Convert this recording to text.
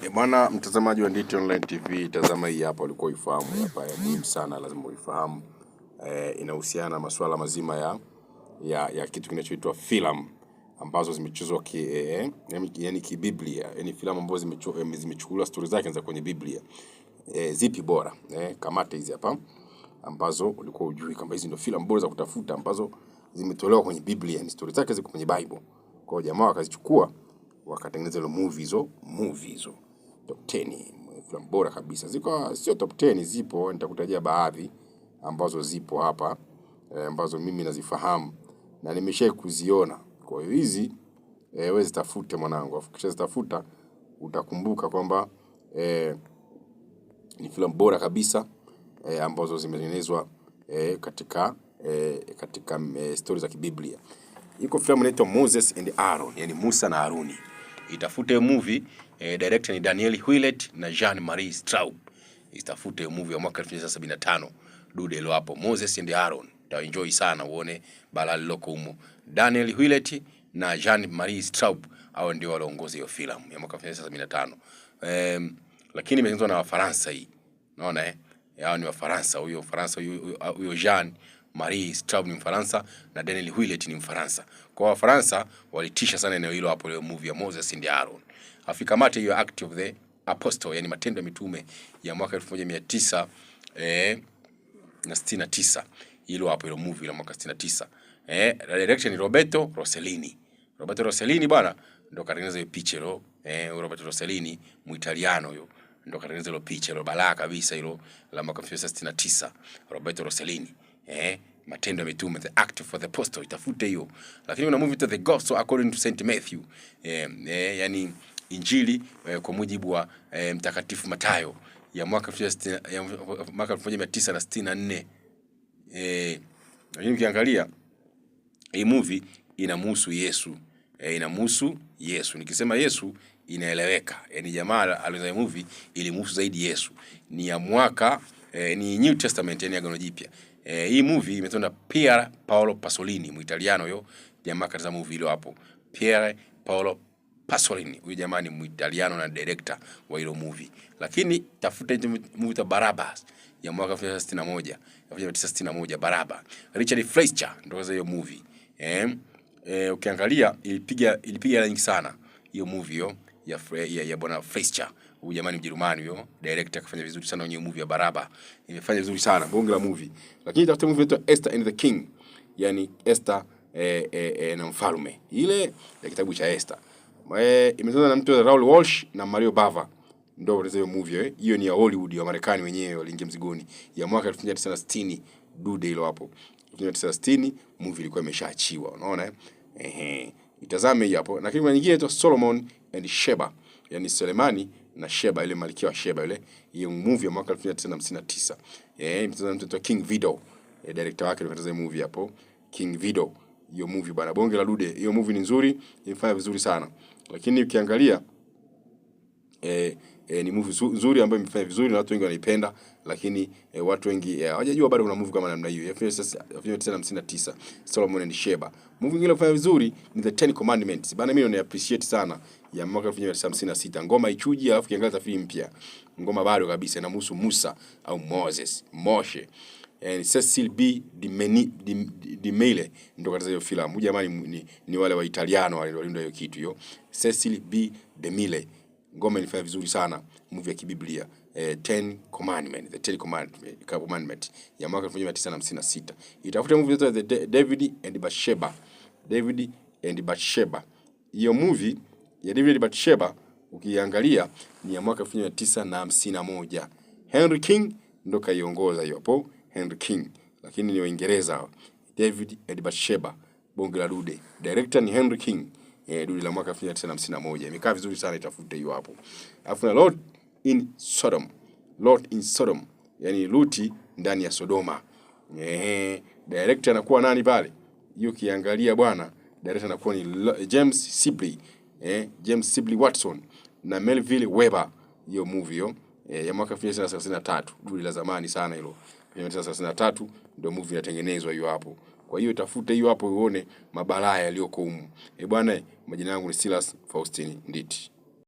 E bwana mtazamaji wa Nditi Online TV, tazama hii hapa, ulikuwa uifahamu hapa ya muhimu sana, lazima uifahamu e, inahusiana na masuala mazima ya, ya, ya kitu kinachoitwa filamu ambazo zimechezwa ki, eh, eh yani kibiblia, yani filamu ambazo eh, zimechukuliwa stori zake za kwenye Biblia. E, zipi bora e, kamata hizi hapa ambazo ulikuwa ujui kama hizi ndio filamu bora za kutafuta ambazo zimetolewa kwenye Biblia, ni stori zake ziko kwenye Bible. Kwa hiyo jamaa wakazichukua wakatengeneza ile movie hizo movie hizo top 10 filamu bora kabisa ziko, sio top 10 zipo, nitakutajia baadhi ambazo zipo hapa e, ambazo mimi nazifahamu na nimesha kuziona. Kwa hiyo hizi e, wewe zitafute mwanangu, afu kisha zitafuta utakumbuka kwamba e, ni filamu bora kabisa e, ambazo zimetengenezwa e, katika e, katika e, stori za kibiblia. Iko filamu inaitwa Moses and Aaron, yani Musa na Haruni itafute movie eh, director ni Daniel Hewlett na Jean Marie Straub. Itafute movie ya mwaka 1975 dude ilo hapo Moses and Aaron. Utaenjoy sana uone balaa liloko humo. Daniel Hewlett na Jean Marie Straub hao ndio waliongoza hiyo filamu ya mwaka 1975. Um, lakini imezungumzwa na Wafaransa hii. Unaona eh? Hao ni Wafaransa, huyo Faransa huyo Jean Marie Straub ni Mfaransa na Daniel Huilet ni Mfaransa. Kwa Wafaransa walitisha sana eneo hilo hapo leo movie ya Moses and Aaron. mate hiyo Act of the Apostle, yani Matendo ya Mitume ya mwaka 1900 eh, na 69 hilo hapo hilo movie ya mwaka 69. Eh, direction Roberto Rossellini. Roberto Rossellini bwana ndo katengeneza hiyo picha hilo. Eh, Roberto Rossellini Muitaliano huyo ndo katengeneza hilo picha hilo balaa kabisa hilo la mwaka 1969 Roberto Rossellini eh, matendo ya mitume the act for the apostle itafute hiyo lakini una movie to the gospel according to Saint Matthew eh, eh, yani injili eh, kwa mujibu wa eh, mtakatifu Matayo ya mwaka ya mwaka 1964 eh, lakini ukiangalia hii movie inamhusu Yesu eh, inamhusu Yesu nikisema Yesu inaeleweka yani jamaa alizoe movie ilimhusu zaidi Yesu ni ya mwaka eh, ni New Testament yani Agano Jipya. Eh, hii movie imetenda Pier Paolo Pasolini, Muitaliano yo jamaa katika movie ile hapo. Pier Paolo Pasolini huyu jamaa ni Muitaliano na director wa ile movie. Lakini tafuta movie ta Baraba ya mwaka 1961, 1961 Baraba. Richard Fleischer ndio kaza hiyo movie. Eh, eh, ukiangalia ilipiga ilipiga hela nyingi sana hiyo movie yo ya ya, ya bwana Fleischer huyu jamani Mjerumani huyo director akafanya vizuri sana kwenye movie ya Baraba, imefanya vizuri sana bonge la movie. Lakini tafuta movie inaitwa Esther and the King, yani Esther e, e, e, na mfalme, ile ya kitabu cha Esther e, imetengenezwa na mtu Raul Walsh na Mario Bava ndio wale zao movie hiyo, eh. ni ya Hollywood ya Marekani wenyewe waliingia mzigoni ya mwaka 1960 dude hilo hapo 1960 movie ilikuwa imeshaachiwa, unaona eh ehe, itazame hapo. na kingine nyingine inaitwa Solomon and Sheba, yani Selemani na Sheba ile malkia wa Sheba ile, hiyo movie ya mwaka 1959 eh, mtazamaji mtoto King Vidor eh, director wake alikataza movie hapo King Vidor. Hiyo movie bana, bonge la dude, hiyo movie ni nzuri, imefanya vizuri sana, lakini ukiangalia eh E, ni movie nzuri ambayo imefanya vizuri na watu wengi wanaipenda, lakini e, watu wengi eh, hawajajua bado kuna movie kama namna hiyo ya 1959 Solomon and Sheba. Movie nyingine iliyofanya vizuri ni The Ten Commandments. Bana, mimi na appreciate sana ya mwaka 1956 ngoma ichuji, alafu kiangaza filamu mpya, ngoma bado kabisa, inamhusu Musa au Moses Moshe. And Cecil B. DiMille ndo kataza hiyo filamu jamani, ni, ni wale wa Italiano wale walinda hiyo kitu hiyo, Cecil B. DiMille ngoma ilifanya vizuri sana movie ya kibiblia eh, Ten Commandment, the Ten Commandment, Commandment ya mwaka 1956. Itafuta movie zote the David and Bathsheba, David and Bathsheba. Hiyo movie ya David and Bathsheba ukiangalia ni ya mwaka 1951. Henry King ndo kaiongoza hiyo hapo, Henry King, lakini ni Waingereza. David and Bathsheba, bonge la dude, director ni Henry King eh, duli la mwaka 1951 imekaa vizuri sana, itafute hiyo hapo. Alafu na Lot in Sodom, Lot in Sodom, yani Luti ndani ya Sodoma. Eh, director anakuwa nani pale? Hiyo kiangalia bwana, director anakuwa ni James Sibley, eh, James Sibley Watson na Melville Weber, hiyo movie hiyo E, ya mwaka 1933, duli la zamani sana hilo. 1933 ndio movie inatengenezwa hiyo hapo. Kwa hiyo tafute hiyo hapo uone mabalaa yaliyoko humu. Eh bwana, majina yangu ni Silas Faustini Nditi.